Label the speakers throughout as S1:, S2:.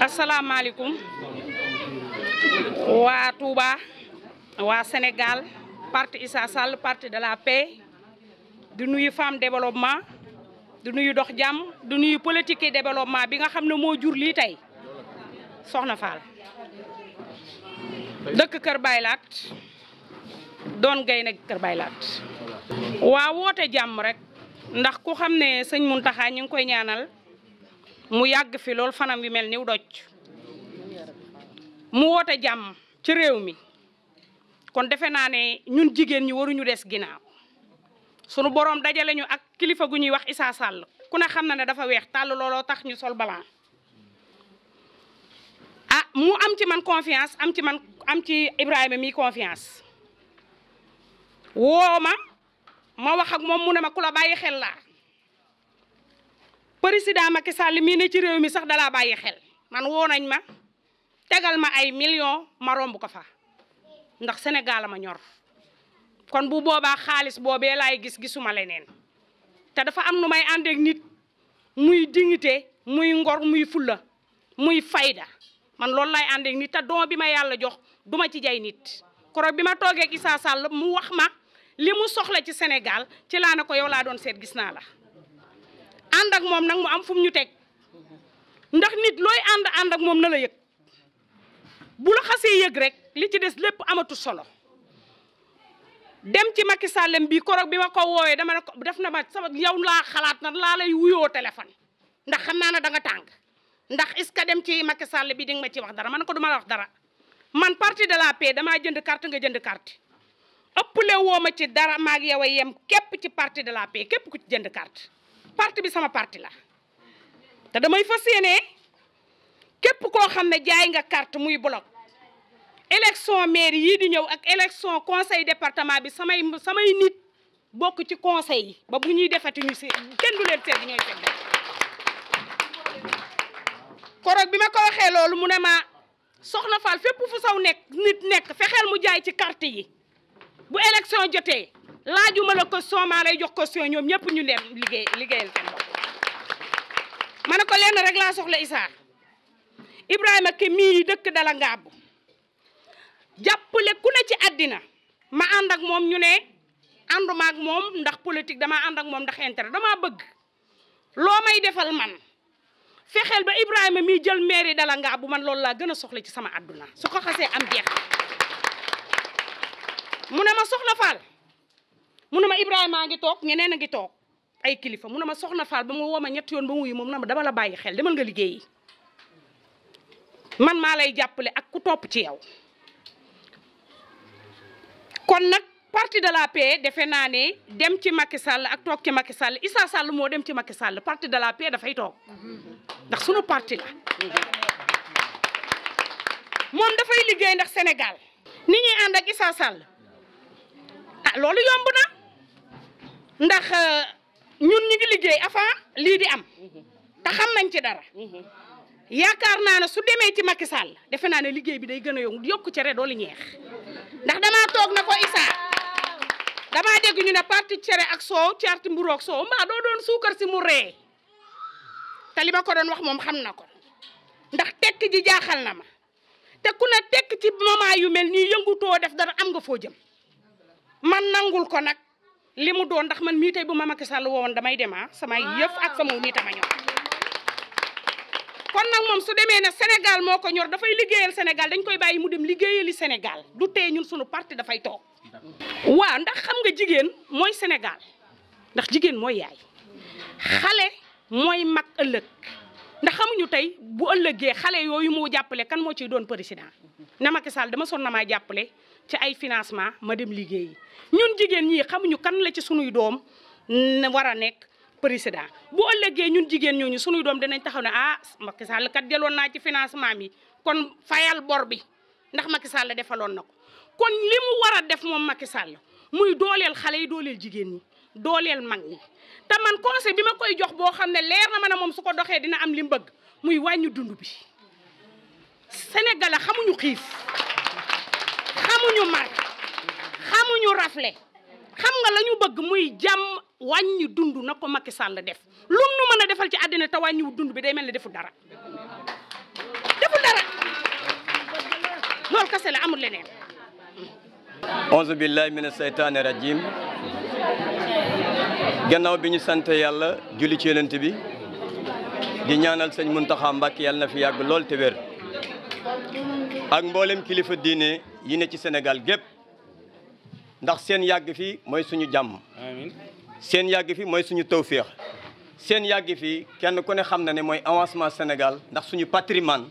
S1: asalaamaaleykum waa Touba waa Sénégal parti Issa Sall parti de la paix di nuyu femme développement di nuyu dox jàmm di nuyu politique et développement bi nga xam ne moo jur lii tey soxna Fall dëkk Kër Baylaat doon gay nag Kër Baylaat waa woote jàmm rek ndax ku xam ne sëñ Muntaxa ñu ngi koy ñaanal mu yàgg fi loolu fanam wi mel niw doj mu woote jàmm ci réew mi kon defe naa ne ñun jigéen ñi waruñu des ginnaaw sunu borom dajale ñu ak kilifa gu ñuy wax Issa Sall ku ne xam na ne dafa weex tàll looloo tax ñu sol balan a ah, mu am ci man confiance am ci man am ci Ibrahima mi confiance woo ma ma wax ak moom mu ne ma ku la bàyyi xel laa président Macky Sall mii ne ci réew mi sax dalaa bàyyi xel man woo nañ ma tegal ma ay million ma romb ko fa ndax Sénégal ma ñor kon bu boobaa xaalis boobee laay gis gisuma leneen te dafa am nu may ànd nit muy dignité muy ngor muy fulla muy fayda man loolu lay ànd ak nit te don bi ma yàlla jox duma ci jay nit koro bi ma toogee gisaa Issa Sall mu wax ma li mu soxla ci senegal ci laa ne ko yow laa doon seet gis naa la ànd ak moom nag mu am fu ñu teg ndax nit looy ànd ànd ak moom na la yëg bu la xasee yëg rek li ci des lépp amatu solo dem ci Macky Sall bii korog bi ma ko woowee dama ne ko def na ma sama yow laa xalaat na laa lay wuyoo téléphone ndax xam naa ne da nga tàng ndax est-ce que dem ci Macky Sall bi di ma ci wax dara man ko du ma la wax dara man parti de la paix damaa jënd kart nga jënd carte ëpple woo ma ci dara maag yow a yem képp ci parti de la paix képp ku ci jënd carte parti bi sama parti la te damay fas yéene képp koo xam ne jaay nga carte muy bloc élection maire yii di ñëw ak élection conseil département bi samay samay nit bokk ci conseil yi ba bu ñuy defati ñu si kenn du seet koroog bi ma ko waxee loolu mu ne ma soxna Fall fépp fu saw nekk nit nekk fexeel mu jaay ci carte yi bu élection jotee laajuma la ko soomaa lay jox caution ñoom ñëpp ñu dem liggéey liggéeyal seen ma ne ko lenn rek laa soxla Issa Ibrahima ke mii dëkk dala ngaabu jàppale ku ne ci àddina ma ànd moom ñu ne ànduma ak moom ndax politique dama ànd ak moom ndax intérêt damaa bëgg loo may defal man fexeel ba Ibrahima mii jël mairie dala ngaabu man loolu laa gën a soxla ci sama àdduna soo ko xasee am jeex mu ne ma soxla faal mu ne ma Ibrahima a ngi toog ñeneen na ngi toog ay kilifa mu ne ma soxna Fall ba mu woo ma ñetti yoon ba mu wuyu moom na ma dama la bàyyi xel demal nga liggéeyi man maa lay jàppale ak ku topp ci yow. kon nag parti de la paix defe naa ne dem ci Macky Sall ak toog ci Macky Sall Issa Sall moo dem ci Macky sàll parti de la paix dafay toog ndax sunu parti la. moom dafay liggéey ndax Sénégal. ni ñuy ànd ak Issa Sall ah loolu yomb na. ndax euh, ñun ñu ngi liggéey avant lii di am mhm. te xam nañ ci dara mhm. yaakaar naa ne su demee ci Macky Sall defe naa ne liggéey bi day gën a yomb yokku cere doolu ñeex ndax damaa toog na ko Issa damaa dégg ñu ne parti cere ak soow carti mburu ak soow mbaa doo doon suukar si mu ree te li ma ko doon wax moom xam na ko ndax tekk ji jaaxal na ma te ku ne tekk ci moment yu mel nii yëngutoo def dara am nga foo jëm man nangul ko nag li mu doon ndax man mii tey bu ma Macky Sall woowoon damay demaa ah samay yëf ak sama mii tama ñor kon nag moom su demee ne senegal moo ko ñor dafay liggéeyal Sénégal dañ koy bàyyi mu dem liggéeyali senegal du tee ñun suñu parti dafay toog waaw ndax xam nga jigéen mooy senegal ndax jigéen mooy yaay xale mooy mag ëllëg ndax xamuñu tey bu ëllëgee xale yooyu moo jàppale kan moo ciy doon président na Macky Sall dama sonn maa jàppale ci ay financement ma dem liggéeyi ñun jigéen ñi xamuñu kan la ci sunuy doom war a nekk président bu ëllëgee ñun jigéen ñooñu sunuy doom dinañ taxaw ne ah Macky Sall kat jëloon naa ci financement mi kon fayal bor bi ndax Macky Sall defaloon na ko kon li mu war def moom Macky Sall muy dooleel xale yi dooleel jigéen ñi dooleel mag ñi te man conseil bi ma koy jox boo xam ne leer na ma ne moom su ko doxee dina am li mu bëgg muy wàññi dund bi sénégalais xamuñu xiif xamuñu mar xamuñu rafle xam nga lañu bëgg muy jàmm wàññi dund na ko makki Sall def lum nu mën a defal ci àddina te wàññiwu dund bi day mel ni deful dara deful dara loolu kese la amul leneen
S2: auzu billahi mina seytaani gannaaw bi ñu sant yàlla julli ci yonent bi di ñaanal sëñ Muntaxa Mbàkke yàlla na fi yàgg lool te wér ak mboolem kilifa diine yi ne ci Sénégal gépp ndax seen yàgg fi mooy suñu jàmm seen yàgg fi mooy suñu tawféex seen yàgg fi kenn ku ne xam na ne mooy avancement Sénégal ndax suñu patrimoine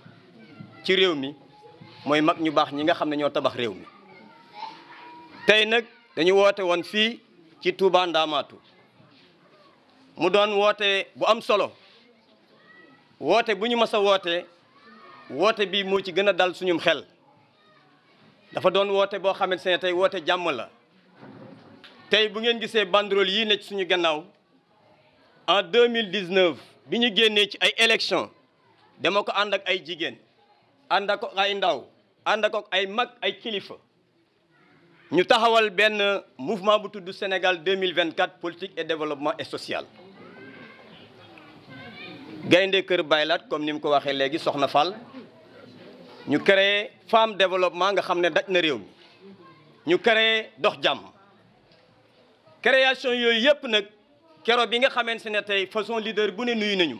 S2: ci réew mi mooy mag ñu baax ñi nga xam ne ñoo tabax réew mi tey nag dañu woote woon fii ci Touba Ndamatu mu doon woote bu am solo woote bu ñu mës woote woote bi moo ci gën a dal suñum xel dafa doon woote boo xamante ne tey woote jàmm la tey bu ngeen gisee banderole yii ne suñu gannaaw en 2019 bi ñu génnee ci ay élection dama ko ànd ay jigéen ànd ay ndaw ànd ay mag ay kilifa ñu taxawal benn mouvement bu tudd Sénégal 2024 politique et développement et social gaynde kër baylaat comme ni mu ko waxee léegi soxna Fall ñu créé femme développement nga xam ne daj na réew mi ñu créé dox jàmm création yooyu yëpp nag kero bi nga xamante ne tey façon leader bu ne nuyu nañu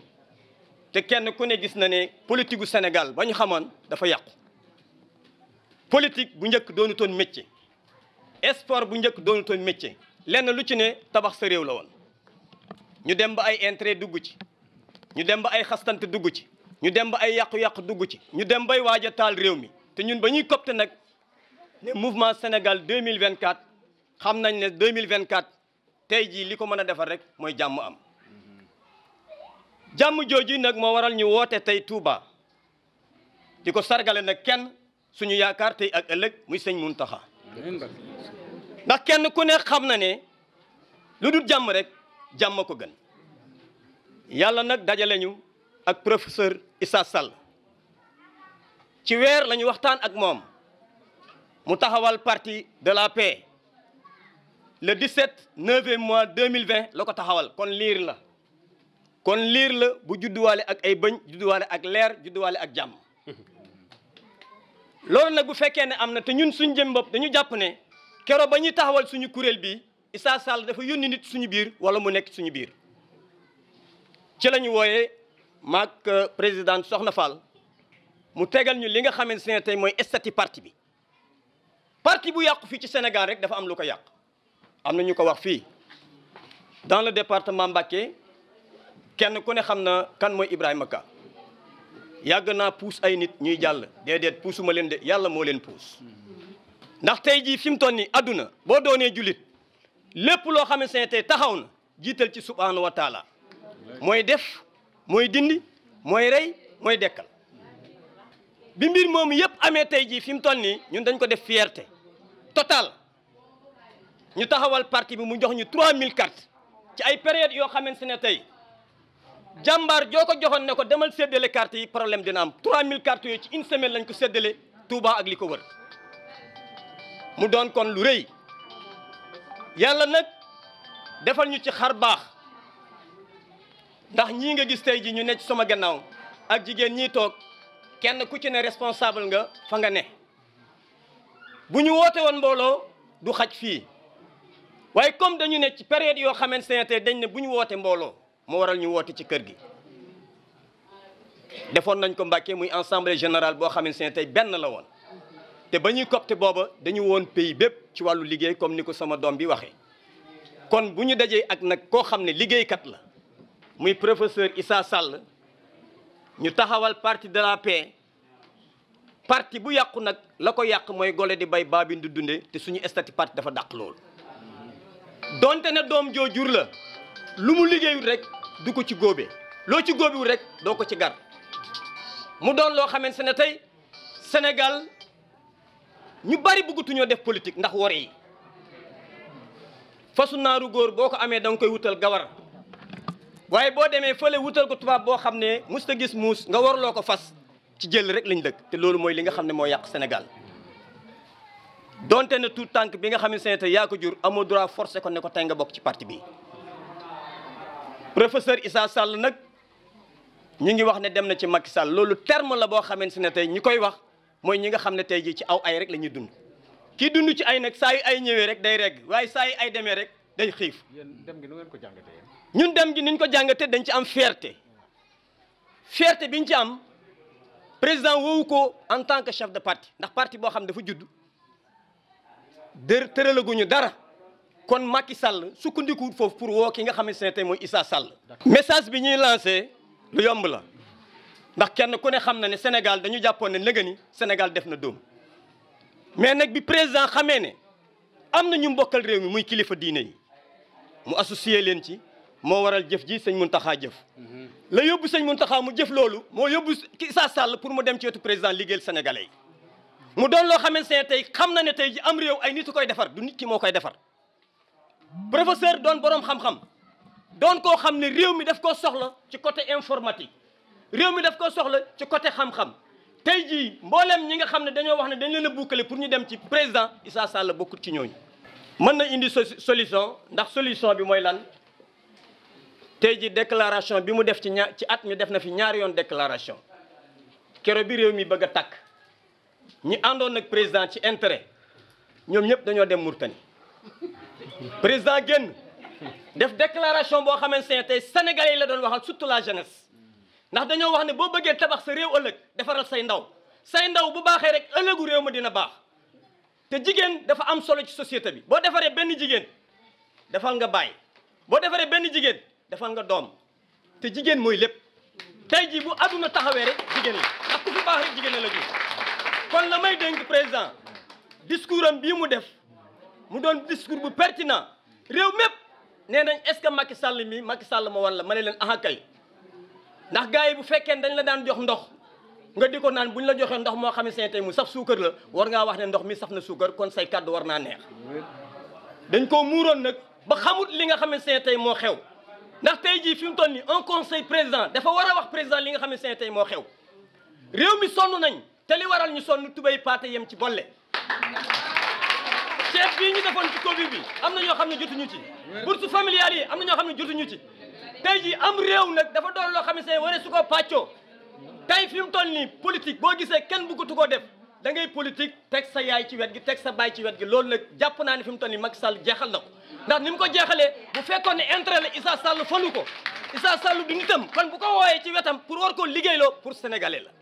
S2: te kenn ku ne gis na ne politique gu Sénégal ba ñu xamoon dafa yàqu politique bu njëkk doonutoon métier sport bu njëkk doonutoon métier lenn lu ci ne tabax sa réew la woon ñu dem ba ay intérêt dugg ci ñu dem ba ay xastante dugg ci ñu dem ba ay yàqu-yàqu dugg ci ñu dem bay waaj a taal réew mi te ñun ba ñuy copte nag ne mouvement Sénégal 2024 xam nañ ne 2024 tey jii li ko mën a defar rek mooy jàmm am jàmm jooju nag moo waral ñu woote tey Touba di ko sargale nag kenn suñu yaakaar tey ak ëllëg muy sëñ taxa ndax kenn ku ne xam na ne lu dul jàmm rek jàmm ko gën yàlla nag dajale ñu ak professeur Issa Sall ci weer la waxtaan ak moom mu taxawal parti de la paix le 17 9 mois 2020 la ko taxawal kon liir la kon liir la bu judduwaale ak ay bëñ judduwaale ak leer judduwaale ak jàmm loolu nag bu fekkee ne am na te ñun suñ jëm bopp dañu jàpp ne kero ba ñuy taxawal suñu kuréel bi Issa Sall dafa yónni nit suñu biir wala mu nekk suñu biir ci la ñu wooyee maag euh, présidente Soxna Fall mu tegal ñu li nga xamante ne tey mooy statut parti bi parti bu yàqu fii ci Sénégal rek dafa am lu ko yàq am na ñu ko wax fii dans le département Mbacké kenn ku ne xam na kan mooy Ibrahima Ka yàgg naa puus ay nit ñuy jàll déedéet puusuma leen de yàlla moo leen puus ndax tey jii fi mu toll nii adduna boo doonee jullit lépp loo xam ne tey taxaw na jiital ci subhaanahu wa taala mooy def mooy dindi mooy rey mooy dekkal bi mbir moom yëpp amee tey jii fi mu toll nii ñun dañ ko def fierté total ñu taxawal parti bi mu jox ñu 3000 cartes ci ay période yoo xamante ne tey jàmbaar joo ko joxoon ne ko demal séddale cartes yi problème naa am 3000 cartes yooyu ci une semaine lañ ko séddale Touba ak li ko wër. mu doon kon lu rëy yàlla nag defal ñu ci xar baax ndax ñii nga gis tey ji ñu nekk ci sama gannaaw ak jigéen ñii toog kenn ku ci ne responsable nga fa nga ne bu ñu woote woon mbooloo du xaj fii waaye comme dañu ne ci période yoo xamante ne dañ ne bu ñu woote mbooloo moo waral ñu woote ci kër gi defoon nañ ko Mbàkke muy assemblée général boo xamante ne tey benn la woon te ba ñuy copte booba dañu woon pays bépp ci wàllu liggéey comme ni ko sama doom bi waxee kon bu ñu dajee ak nag koo xam ne liggéeykat la muy professeur Issa Sall ñu taxawal parti de la paix parti bu yàqu nag la ko yàq mooy gole di bay baa bi du dunde te suñu statut parti dafa dàq loolu donte ne doom joo jur la lu mu liggéeyul rek du ko ci góobe loo ci góobiwul rek doo ko ci gar mu doon loo xamante ne tey Sénégal ñu bari bëggatuñoo def politique ndax wor yi fasu naaru góor boo ko amee da koy wutal gawar waaye boo demee fële wutal ko tubaab boo xam ne mus gis muus nga warloo ko fas ci jël rek lañ dëkk te loolu mooy li nga xam ne moo yàq Sénégal donte ne tout tànk bi nga xam ne seeta yaa ko jur amoo droit forcé ko ne ko tey nga bokk ci parti bi professeur Issa sàll nag ñu ngi wax ne dem na ci Macky Sall loolu terme la boo xamante ne tey ñi koy wax mooy ñi nga xam ne tey jii ci aw ay rek la ñuy dund kii dund ci ay nag saa yu ay ñëwee rek day regg waaye saa yi ay demee rek day xiif. yéen dem gi nu ko jàngatee. ñun dem gi ko jàngatee dañ ci am fierté bi biñ ci am président woowu ko en tant que chef de parti ndax parti boo xam dafa judd dër tëralaguñu dara. kon Macky Sall sukkandiku foofu pour woo ki nga xamante ne tey mooy Issa Sall. message bi ñuy lancé lu yomb la. ndax kenn ku ne xam na ne Sénégal dañu jàppoon ne léegi ni Sénégal def na dóom mais nag bi président xamee ne am na ñu mbokkal réew muy kilifa diine yi mu associé leen ci moo waral jëf ji sëñ Mountakha jëf. Mhm. la yóbbu sëñ Mountakha mu jëf loolu moo yóbbu Issa Sall pour mu dem ci wetu président liggéeyal sénégalais mu doon loo xamante ne tey xam na ne tey ji am réew ay nit koy defar du nit ki moo koy defar professeur doon boroom xam-xam doon koo xam ne réew mi daf koo soxla ci côté informatique. réew mi daf ko soxla ci côté xam-xam tey jii mboolem ñi nga xam ne dañoo wax ne dañ leen a boucler pour ñu dem ci président Issa la bokkut ci ñooñu. mën na indi solution ndax solution bi mooy lan tey jii déclaration bi mu def ci ñaar ci at mi def na fi ñaari yoon déclaration kero bi réew mi bëgg a takk ñi àndoon nag président ci intérêt ñoom ñëpp dañoo dem Mourtani président génn def déclaration boo xamante ne tey sénégalais yi la doon waxal surtout la jeunesse. ndax dañoo wax ne boo bëggee tabax sa réew ëllëg defaral say ndaw say ndaw bu baaxee rek ëllëgu réew ma dina baax te jigéen dafa am solo ci société bi boo defaree benn jigéen defal nga baay boo defaree benn jigéen defal nga doom te jigéen mooy lépp tey jii bu àdduna taxawee rek jigéen la ndax ku fi baax rek jigéen la kon la may dénk président discours am bii mu def mu doon discours bu pertinant réew mépp nee nañ est-ce que Macky Sall mi Macky Sall ma wan ma ne leen aha ndax gars yi bu fekkee dañ la daan jox ndox nga di ko naan bu ñu la joxee ndox moo xam ne seen tey mu saf suukar la war ngaa wax ne ndox mi saf na suukar kon say war naa neex dañ koo muuroon nag ba xamut li nga xam ne seen tey moo xew ndax tey jii fi mu toll nii un conseil président dafa war a wax président li nga xam ne seen tey moo xew réew mi sonn nañ te li waral ñu sonn tubéy paate yem ci bolle chef bii ñu defoon ci Covid bi am na ñoo xam ne jotuñu ci bourse familiale yi am na ñoo xam ne jotuñu ci tey jii am réew nag dafa doon loo xam ne see waree su ko tey fi mu toll nii politique boo gisee kenn bëggatu ko def da ngay politique teg sa yaay ci wet gi teg sa baay ci wet gi loolu nag jàpp naa ne fi mu toll ni Macky Sall jeexal na ko ndax ni mu ko jeexalee bu fekkoon ne intérêt la Issa Sall falu ko Issa Sall du nitam kon bu ko wooyee ci wetam pour war ko liggéey loo pour sénégalais la